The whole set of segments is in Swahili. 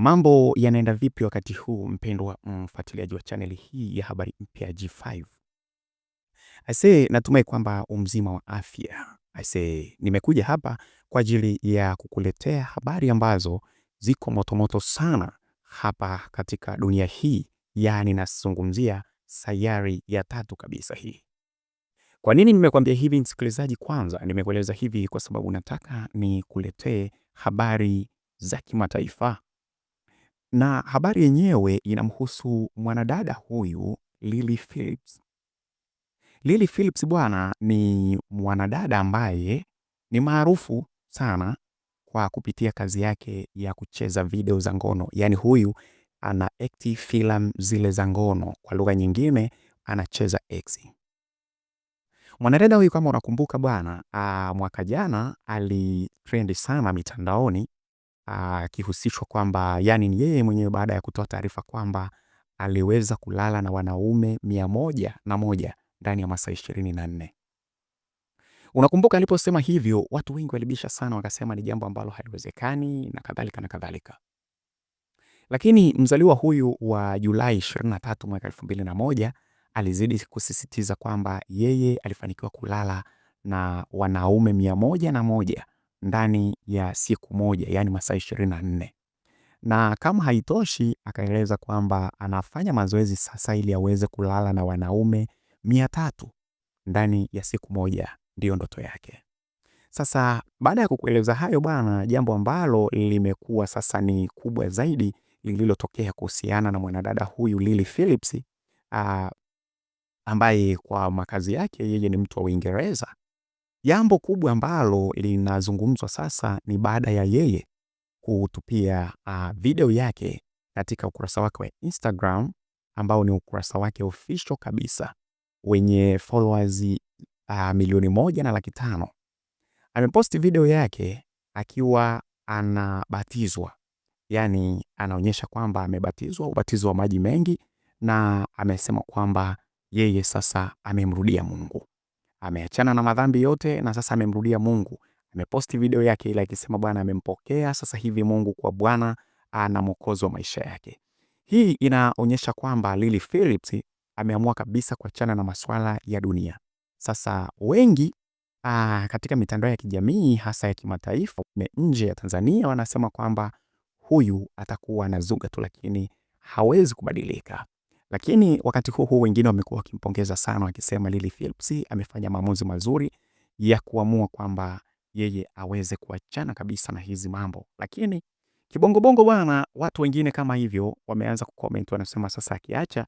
Mambo yanaenda vipi wakati huu mpendwa mfuatiliaji wa chaneli hii ya habari mpya G5? ase natumai kwamba umzima wa afya. ase nimekuja hapa kwa ajili ya kukuletea habari ambazo ziko motomoto sana hapa katika dunia hii, yaani nazungumzia sayari ya tatu kabisa hii. Kwa nini nimekwambia hivi msikilizaji? Kwanza nimekueleza hivi kwa sababu nataka nikuletee habari za kimataifa na habari yenyewe inamhusu mwanadada huyu Lily Phillips. Lily Phillips bwana ni mwanadada ambaye ni maarufu sana kwa kupitia kazi yake ya kucheza video za ngono. Yaani huyu ana act film zile za ngono, kwa lugha nyingine anacheza ex. Mwanadada huyu kama unakumbuka bwana, ah, mwaka jana alitrend sana mitandaoni akihusishwa uh, kwamba yani ni yeye mwenyewe baada ya kutoa taarifa kwamba aliweza kulala na wanaume mia moja na moja ndani ya masaa ishirini na nne. Unakumbuka aliposema hivyo, watu wengi walibisha sana, wakasema ni jambo ambalo haliwezekani na kadhalika na kadhalika. Lakini mzaliwa huyu wa Julai 23 mwaka 2001 alizidi kusisitiza kwamba yeye alifanikiwa kulala na wanaume mia moja na moja ndani ya siku moja, yani masaa ishirini na nne na kama haitoshi akaeleza kwamba anafanya mazoezi sasa ili aweze kulala na wanaume mia tatu ndani ya siku moja, ndiyo ndoto yake. Sasa baada ya kukueleza hayo bwana, jambo ambalo limekuwa sasa ni kubwa zaidi lililotokea kuhusiana na mwanadada huyu Lily Phillips, uh, ambaye kwa makazi yake yeye ni mtu wa Uingereza Jambo kubwa ambalo linazungumzwa sasa ni baada ya yeye kutupia uh, video yake katika ukurasa wake wa Instagram ambao ni ukurasa wake official kabisa wenye followers uh, milioni moja na laki tano. Ameposti video yake akiwa anabatizwa, yaani anaonyesha kwamba amebatizwa ubatizo wa maji mengi, na amesema kwamba yeye sasa amemrudia Mungu ameachana na madhambi yote na sasa amemrudia Mungu. Ameposti video yake ile akisema Bwana amempokea sasa hivi Mungu kwa Bwana ah, na mwokozi wa maisha yake. Hii inaonyesha kwamba Lily Phillips ameamua kabisa kuachana na masuala ya dunia. Sasa wengi aa, ah, katika mitandao ya kijamii hasa ya kimataifa nje ya Tanzania wanasema kwamba huyu atakuwa anazuga tu, lakini hawezi kubadilika. Lakini wakati huo huo wengine wamekuwa wakimpongeza sana wakisema Lily Phillips amefanya maamuzi mazuri ya kuamua kwamba yeye aweze kuachana kabisa na hizi mambo. Lakini kibongobongo bwana, watu wengine kama hivyo wameanza kucomment, wanasema sasa akiacha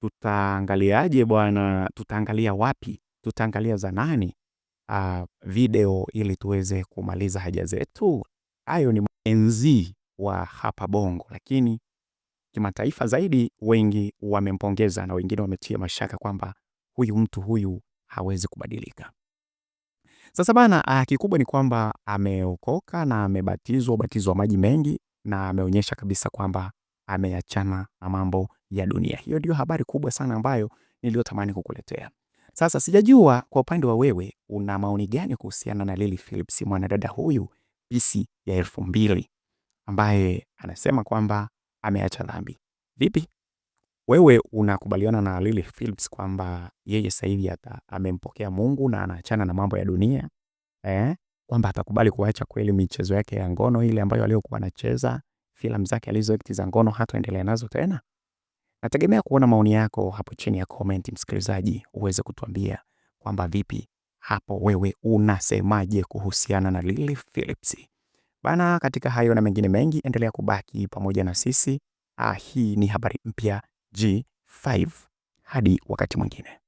tutaangaliaje bwana, tutaangalia wapi, tutaangalia za nani uh, video ili tuweze kumaliza haja zetu. Hayo ni enzi wa hapa Bongo, lakini kimataifa zaidi, wengi wamempongeza na wengine wametia mashaka kwamba huyu mtu huyu hawezi kubadilika. Sasa bana, ah, kikubwa ni kwamba ameokoka na amebatizwa ubatizo wa maji mengi, na ameonyesha kabisa kwamba ameachana na mambo ya dunia. Hiyo ndio habari kubwa sana ambayo niliyotamani kukuletea. Sasa sijajua kwa upande wa wewe una maoni gani kuhusiana na Lily Phillips mwanadada huyu pisi ya elfu mbili ambaye anasema kwamba ameacha dhambi. Vipi wewe, unakubaliana na Lily Phillips kwamba yeye sasa hivi hata amempokea Mungu na anaachana na mambo ya dunia eh? kwamba atakubali kuacha kweli michezo yake ya ngono ile ambayo aliyokuwa anacheza, filamu zake alizoact za ngono, hataendelea nazo tena? Nategemea kuona maoni yako hapo chini ya comment, msikilizaji, uweze kutuambia kwamba vipi hapo wewe unasemaje kuhusiana na Lily Phillips. Bana, katika hayo na mengine mengi, endelea kubaki pamoja na sisi. Ah, hii ni habari mpya G5. Hadi wakati mwingine.